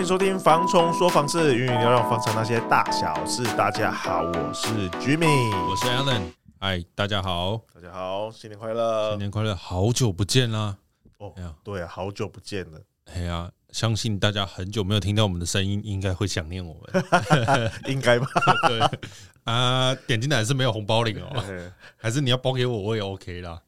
歡迎收聽房蟲說房事，云云聊聊房產那些大小事。大家好，我是 Jimmy，我是 Alan。嗨，大家好，大家好，新年快樂，新年快樂，好久不見啦！哦，哎，對，好久不見了。哎呀，相信大家很久沒有聽到我們的聲音，應該會想念我們， 應該該吧？ 對啊，呃，點進來是沒有紅包領哦，還是你要包給我，我也 OK 啦。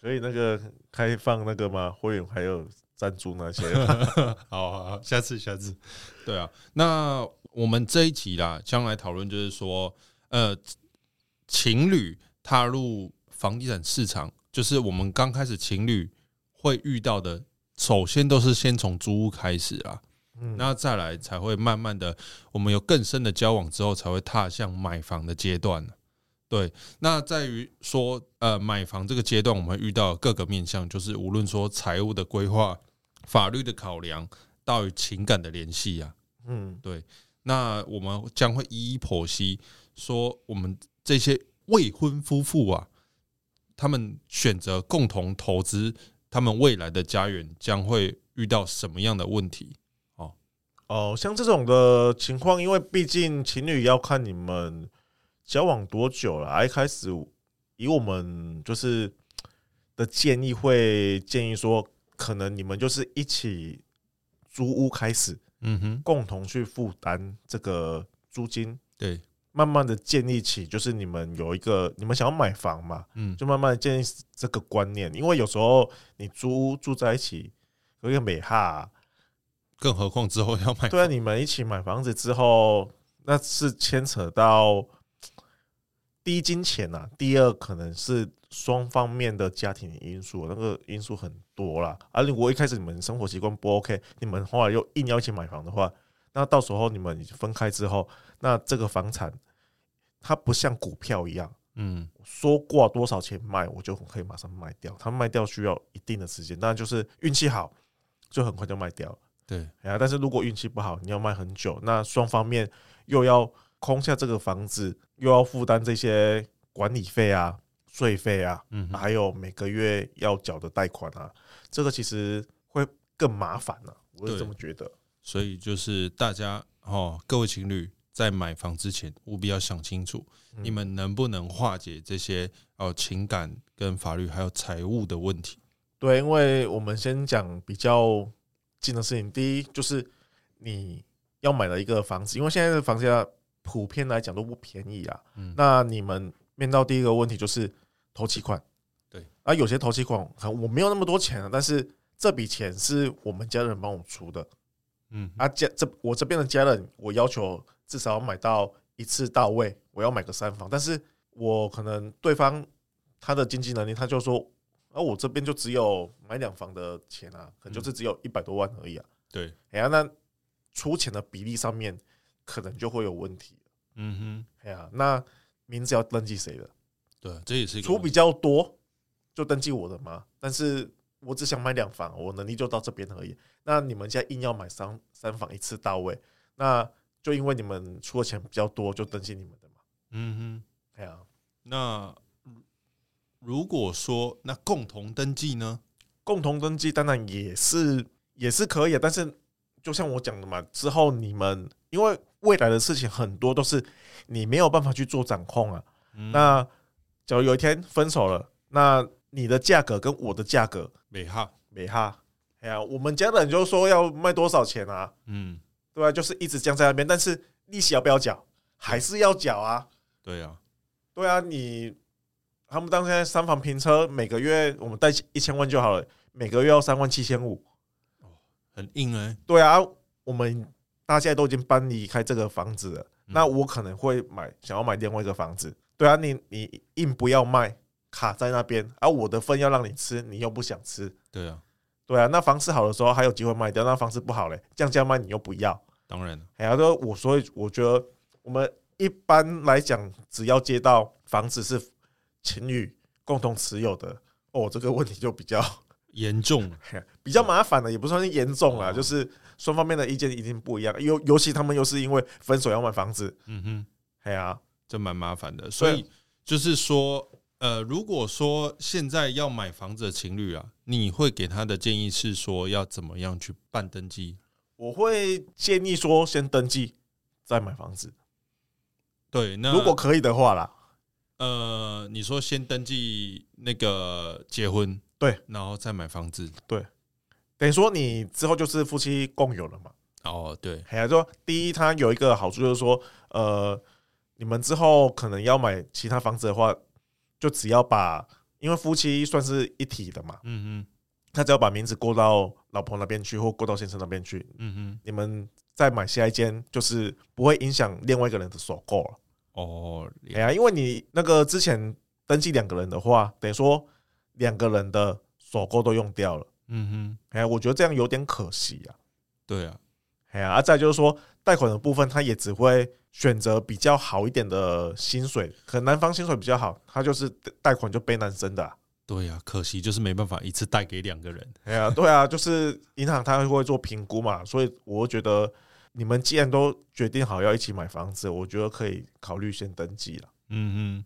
可以那個開放那個嗎？會員還有？贊助那些， 好，好，好，好，下次，下次，對啊，那我們這一集啦，將來討論就是說，呃，情侶踏入房地產市場，就是我們剛開始情侶會遇到的，首先都是先從租屋開始啊，嗯，那再來才會慢慢的，我們有更深的交往之後，才會踏向買房的階段，對，那在於說，呃，買房這個階段，我們遇到各個面向，就是無論說財務的規劃。法律的考量、到與情感的聯繫呀，嗯，對，那我們將會一一剖析，說我們這些未婚夫婦啊，他們選擇共同投資，他們未來的家園將會遇到什麼樣的問題？哦哦、呃，像這種的情況，因為畢竟情侶要看你們交往多久了，一開始以我們就是的建議會建議說。可能你們就是一起租屋開始，嗯哼，共同去負擔這個租金，對，慢慢的建立起就是你們有一個你們想要買房嘛，嗯，就慢慢的建立這個觀念，因為有時候你租屋住在一起有一個美哈啊，更何況之後要買房。對啊，你們一起買房子之後，那是牽扯到。第一金錢啊，第二可能是雙方面的家庭因素，那個因素很多啦，而、啊、如果一開始你們生活習慣不 OK，你們後來又硬要一起買房的話，那到時候你們分開之後，那這個房產它不像股票一樣，嗯，說掛多少錢賣我就可以馬上賣掉，它賣掉需要一定的時間，那就是運氣好就很快就賣掉，對啊，但是如果運氣不好，你要賣很久，那雙方面又要。空下這個房子，又要負擔這些管理費啊、稅費啊，嗯，還有每個月要繳的貸款啊，這個其實會更麻煩呢、啊。我是這麼覺得。所以就是大家哦，各位情侶在買房之前，務必要想清楚，你們能不能化解這些哦、呃、情感、跟法律還有財務的問題。對，因為我們先講比較近的事情。第一，就是你要買的一個房子，因為現在的房價、啊。普遍來講都不便宜啊、嗯。那你們面對第一個問題就是頭期款，對，對。啊，有些頭期款，可能我沒有那麼多錢啊，但是這筆錢是我們家人幫我出的，嗯。啊，家這我這邊的家人，我要求至少買到一次到位，我要買個三房，但是我可能對方他的經濟能力，他就說，啊，我這邊就只有買兩房的錢啊，可能就是只有一百多萬而已啊、嗯對欸啊。對。然後那出錢的比例上面。可能就會有問題。嗯哼，哎呀，那名字要登記誰的？對，這也是一個。出比較多就登記我的嘛。但是我只想買兩房，我能力就到這邊而已。那你們現在硬要買三三房，一次到位，那就因為你們出的錢比較多就登記你們的嘛。嗯哼，哎、yeah、呀，那如果說那共同登記呢？共同登記當然也是也是可以，但是就像我講的嘛，之後你們。因為未來的事情很多都是你沒有辦法去做掌控啊、嗯。那假如有一天分手了，那你的價格跟我的價格美哈美哈。哎呀、啊，我們家人就說要賣多少錢啊？嗯，對啊，就是一直僵在那邊。但是利息要不要繳、嗯？還是要繳啊？對啊，對啊，你他們當天三房平車，每個月我們貸一千萬就好了，每個月要三萬七千五。哦，很硬啊、欸，對啊，我們。他現在都已經搬離開這個房子了，嗯、那我可能會買，想要買另外一個房子。對啊，你你硬不要賣，卡在那邊，而、啊、我的份要讓你吃，你又不想吃。對啊，對啊，那房子好的時候還有機會賣掉，那房子不好嘞，降價賣你又不要。當然哎呀、啊，我所以我覺得我們一般來講，只要接到房子是情侶共同持有的，哦，這個問題就比較。嚴重 比較麻煩的，也不算是嚴重啦。哦、就是雙方面的意見已經不一樣，尤尤其他們又是因為分手要買房子，嗯哼，哎呀、啊，就蠻麻煩的。所以就是說、啊，呃，如果說現在要買房子的情侶啊，你會給他的建議是說要怎麼樣去辦登記？我會建議說先登記再買房子。對，那如果可以的話啦。呃，你說先登記那個結婚，對，然後再買房子，對，等於說你之後就是夫妻共有了嘛？哦，對，還說、啊，就第一，它有一個好處就是說，呃，你們之後可能要買其他房子的話，就只要把，因為夫妻算是一體的嘛，嗯嗯，他只要把名字過到老婆那邊去，或過到先生那邊去，嗯嗯，你們再買下一間，就是不會影響另外一個人的首購了。哦，哎呀，因為你那個之前登記兩個人的話，等於說兩個人的首購都用掉了。嗯哼，哎，我覺得這樣有點可惜呀、啊。對呀、啊，哎呀、啊，啊、再就是說，貸款的部分，他也只會選擇比較好一點的薪水。可能男方薪水比較好，他就是貸款就背男生的、啊。對呀、啊，可惜就是沒辦法一次貸給兩個人。哎呀，對啊，就是銀行他會做評估嘛，所以我覺得。你們既然都決定好要一起買房子，我覺得可以考慮先登記了。嗯嗯。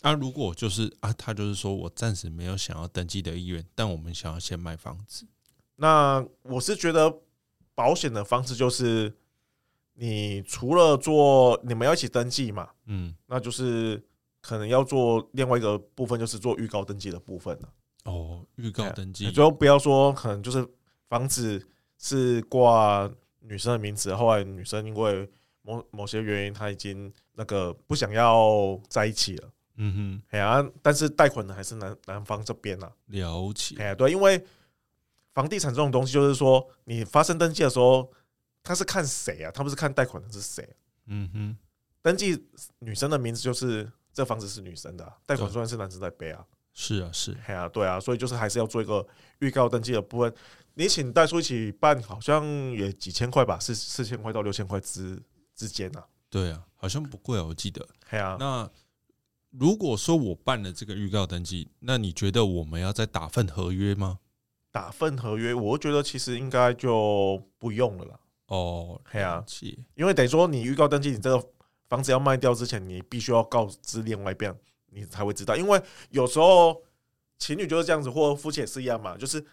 那、啊、如果就是啊，他就是說我暫時沒有想要登記的意願，但我們想要先買房子。那我是覺得保險的方式就是，你除了做你們要一起登記嘛，嗯，那就是可能要做另外一個部分，就是做預告登記的部分了、啊。哦，預告登記，就不要說可能就是房子是掛。女生的名字，後來女生因為某某些原因，她已經那個不想要在一起了。嗯哼，哎呀、啊，但是貸款的還是男男方這邊呢、啊。了解，哎、啊、對，因為房地產這種東西，就是說你發生登記的時候，他是看誰啊？他不是看貸款的是誰、啊？嗯哼，登記女生的名字就是這房子是女生的、啊，貸款雖然是男生在背啊。是啊，是哎呀、啊，對啊，所以就是還是要做一個預告登記的部分。你請代書一起辦，好像也幾千塊吧，四四千塊到六千塊之之間啊。對啊，好像不貴啊，我記得。對啊，那如果說我辦了這個預告登記，那你覺得我們要再打份合約嗎？打份合約，我覺得其實應該就不用了啦。哦，對啊，因為等於說你預告登記，你這個房子要賣掉之前，你必須要告知另外一邊，你才會知道。因為有時候情侶就是這樣子，或夫妻也是一樣嘛，就是。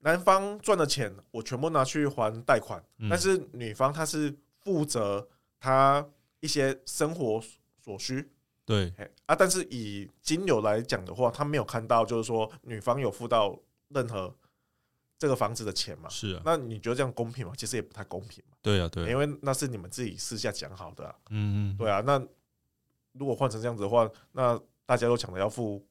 男方賺的錢我全部拿去還貸款、嗯，但是女方她是負責她一些生活所需，對啊，但是以金流來講的話，他沒有看到就是說女方有付到任何這個房子的錢嘛？是啊，那你覺得這樣公平嗎？其實也不太公平對啊，對啊，因為那是你們自己私下講好的、啊，嗯嗯，對啊，那如果換成這樣子的話，那大家都搶着要付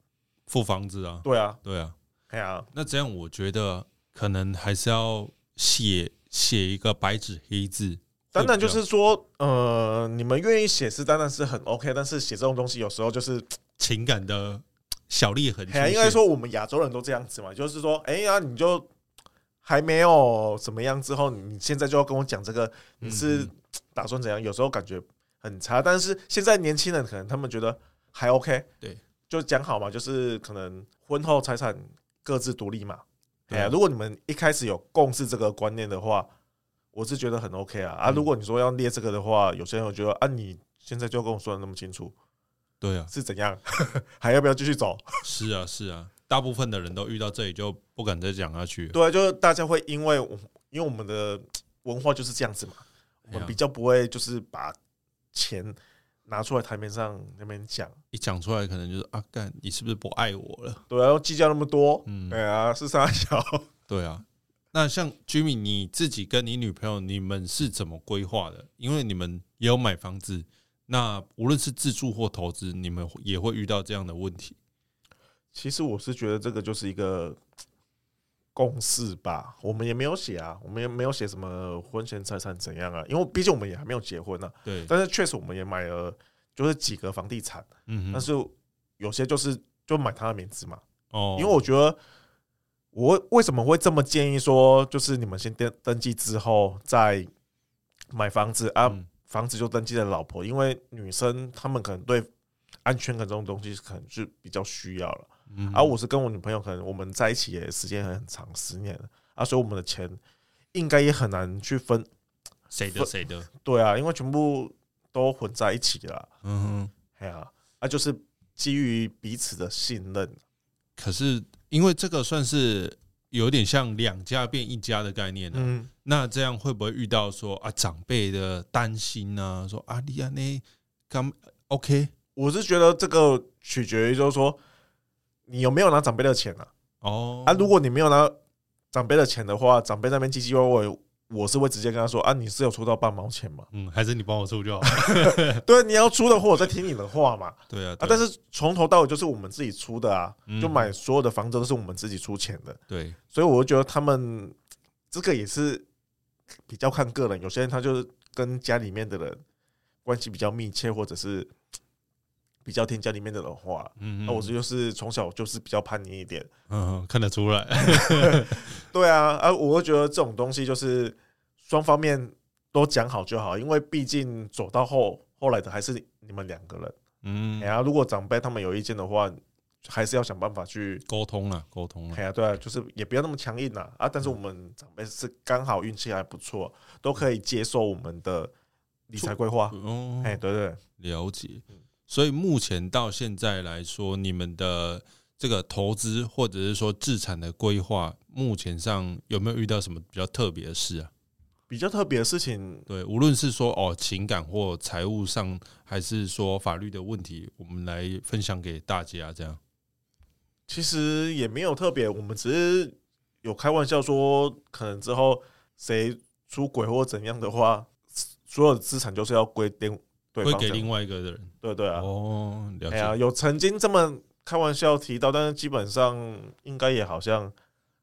付房子啊，對啊，對啊，哎呀、啊啊，那這樣我覺得、啊。可能還是要寫寫一個白紙黑字。當然就是說，呃，你們願意寫是當然是很 OK，但是寫這種東西有時候就是情感的小利很、啊。哎應該說我們亞洲人都這樣子嘛，就是說，哎、欸、呀、啊，你就還沒有怎麼樣之後，你，你現在就要跟我講這個，你是打算怎樣、嗯？有時候感覺很差，但是現在年輕人可能他們覺得還 OK。對，就講好嘛，就是可能婚後財產各自獨立嘛。哎、啊，如果你們一開始有共識這個觀念的話，我是覺得很 OK 啊。嗯、啊，如果你說要列這個的話，有些人我覺得啊，你現在就跟我說的那麼清楚，對啊，是怎樣？ 還要不要繼續走？是啊，是啊，大部分的人都遇到這裡就不敢再講下去。對、啊，就是大家會因為，因為我們的文化就是這樣子嘛，我們比較不會就是把錢。拿出來台面上那邊講，一講出來可能就是啊，幹你是不是不愛我了？對啊，要計較那麼多，嗯，對啊，是三小對啊。那像 Jimmy，你自己跟你女朋友，你們是怎麼規劃的？因為你們也有買房子，那無論是自住或投資，你們也會遇到這樣的問題。其實我是覺得這個就是一個。共識吧，我們也沒有寫啊，我們也沒有寫什麼婚前財產怎樣啊，因為畢竟我們也還沒有結婚呢、啊。對。但是確實我們也買了，就是幾個房地產，嗯，但是有些就是就買他的名字嘛。哦。因為我覺得，我為什麼會這麼建議說，就是你們先登登記之後再買房子啊、嗯，房子就登記在老婆，因為女生她們可能對安全感這種東西可能是比較需要了。嗯、啊，而我是跟我女朋友，可能我們在一起也時間很長，十年了啊，所以我們的錢應該也很難去分誰的誰的。對啊，因為全部都混在一起了。嗯，哎呀，啊，就是基於彼此的信任。可是因為這個算是有點像兩家變一家的概念呢。嗯，那這樣會不會遇到說啊長輩的擔心呢、啊？說啊，你啊你剛 OK，我是覺得這個取決於就是說。你有沒有拿長輩的錢啊？哦、oh.，啊，如果你沒有拿長輩的錢的話，長輩那邊唧唧歪歪，我是會直接跟他說啊，你是有出到半毛錢嗎？嗯，還是你幫我出就好。 對，你要出的話，我再聽你的話嘛。 對，啊，對啊，但是從頭到尾就是我們自己出的啊，嗯，就買所有的房子都是我們自己出錢的。對，所以我就覺得他們這個也是比較看個人，有些人他就是跟家裡面的人關係比較密切，或者是。比較聽家裡面的話，嗯，嗯、啊，那我這就是從小就是比較叛逆一點，嗯，看得出來， 對啊，啊，我覺得這種東西就是雙方面都講好就好，因為畢竟走到後後來的還是你們兩個人，嗯、欸啊，哎如果長輩他們有意見的話，還是要想辦法去溝通了、啊，溝通了、啊，對啊，對啊對，就是也不要那麼強硬啊，啊，但是我們長輩是剛好運氣還不錯，都可以接受我們的理財規劃，嗯，哎、哦哦欸，對對對，了解。所以目前到現在來說，你們的這個投資或者是說資產的規劃，目前上有沒有遇到什麼比較特別的事啊？比較特別的事情，對，無論是說哦情感或財務上，還是說法律的問題，我們來分享給大家這樣。其實也沒有特別，我們只是有開玩笑說，可能之後誰出軌或怎樣的話，所有資產就是要歸定。會給另外一個的人，對對啊，哦，了解啊。有曾經這麼開玩笑提到，但是基本上應該也好像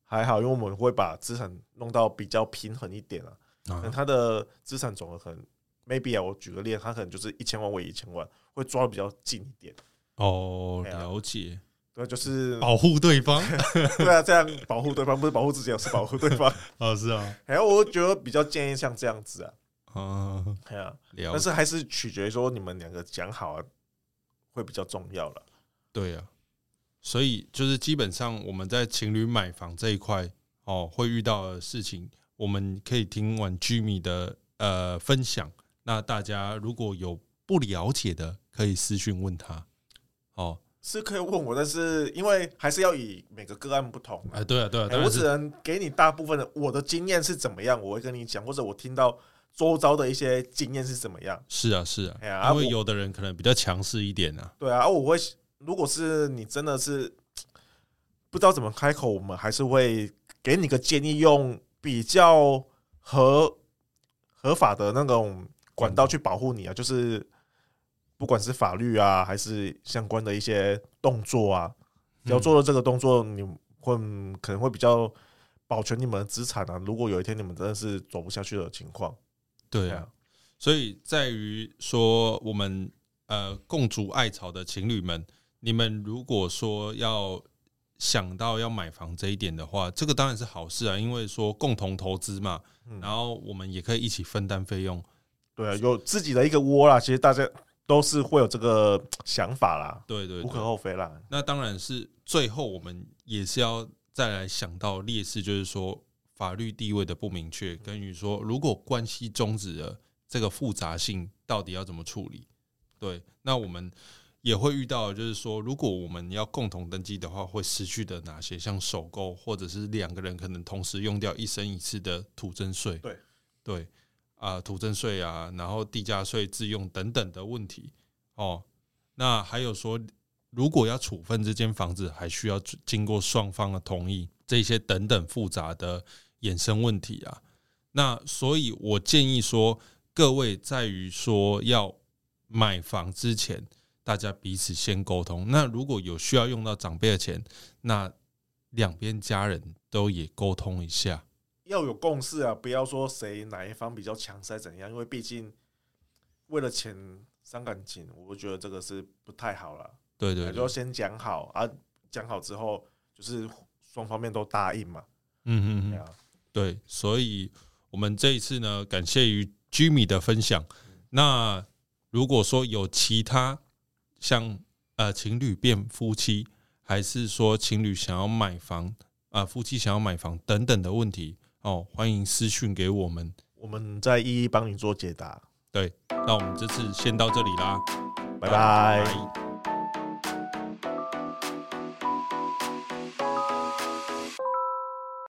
還好，因為我們會把資產弄到比較平衡一點啊。那、啊、他的資產總額可能，maybe 啊，我舉個例，他可能就是一千萬為一千萬，會抓的比較近一點。哦，了解對、啊，對，就是保護對方， 對啊，這樣保護對方不是保護自己， 是保護對方哦， 是啊。哎，我覺得比較建議像這樣子啊。啊，對啊，但是還是取決於說你們兩個講好會比較重要了。對啊，所以就是基本上我們在情侶買房這一塊哦，會遇到的事情，我們可以聽完 Jimmy 的呃分享。那大家如果有不了解的，可以私訊問他。哦，是可以問我，但是因為還是要以每個個案不同、啊。哎、欸，對啊，對啊、欸，我只能給你大部分的我的經驗是怎麼樣，我會跟你講，或者我聽到周遭的一些經驗是怎麼樣？是啊，是啊，哎呀，因為有的人可能比較強勢一點啊，啊。對啊，我會，如果是你真的是不知道怎麼開口，我們還是會給你個建議，用比較合合法的那種管道去保護你啊。嗯，就是不管是法律啊，還是相關的一些動作啊，你要做了這個動作，你會，嗯，可能會比較保全你們的資產啊。如果有一天你們真的是走不下去的情況。對啊，所以在於說，我們呃共築愛巢的情侶們，你們如果說要想到要買房這一點的話，這個當然是好事啊，因為說共同投資嘛、嗯，然後我們也可以一起分擔費用。對啊，啊，有自己的一個窩啦，其實大家都是會有這個想法啦，對，對對，無可厚非啦。那當然是最後我們也是要再來想到劣勢，就是說，法律地位的不明確，跟你說，如果關係終止了，這個複雜性到底要怎麼處理？對，那我們也會遇到，就是說，如果我們要共同登記的話，會失去的哪些？像首購，或者是兩個人可能同時用掉一生一次的土增稅，對對啊、呃，土增稅啊，然後地價稅自用等等的問題哦。那還有說，如果要處分這間房子，還需要經過雙方的同意。這些等等複雜的衍生問題啊，那所以我建議說，各位在於說要買房之前，大家彼此先溝通。那如果有需要用到長輩的錢，那兩邊家人都也溝通一下，要有共識啊，不要說誰哪一方比較強勢還怎樣，因為畢竟為了錢傷感情，我覺得這個是不太好了。對對，對，對就講，要先講好啊，講好之後就是。雙方面都答應嘛，嗯嗯嗯、啊，對，所以我們這一次呢，感謝於 Jimmy 的分享、嗯。那如果說有其他像呃情侶變夫妻，還是說情侶想要買房啊、呃，夫妻想要買房等等的問題，哦，歡迎私訊給我們，我們再一一幫你做解答。對，那我們這次先到這裡啦，拜拜。拜拜。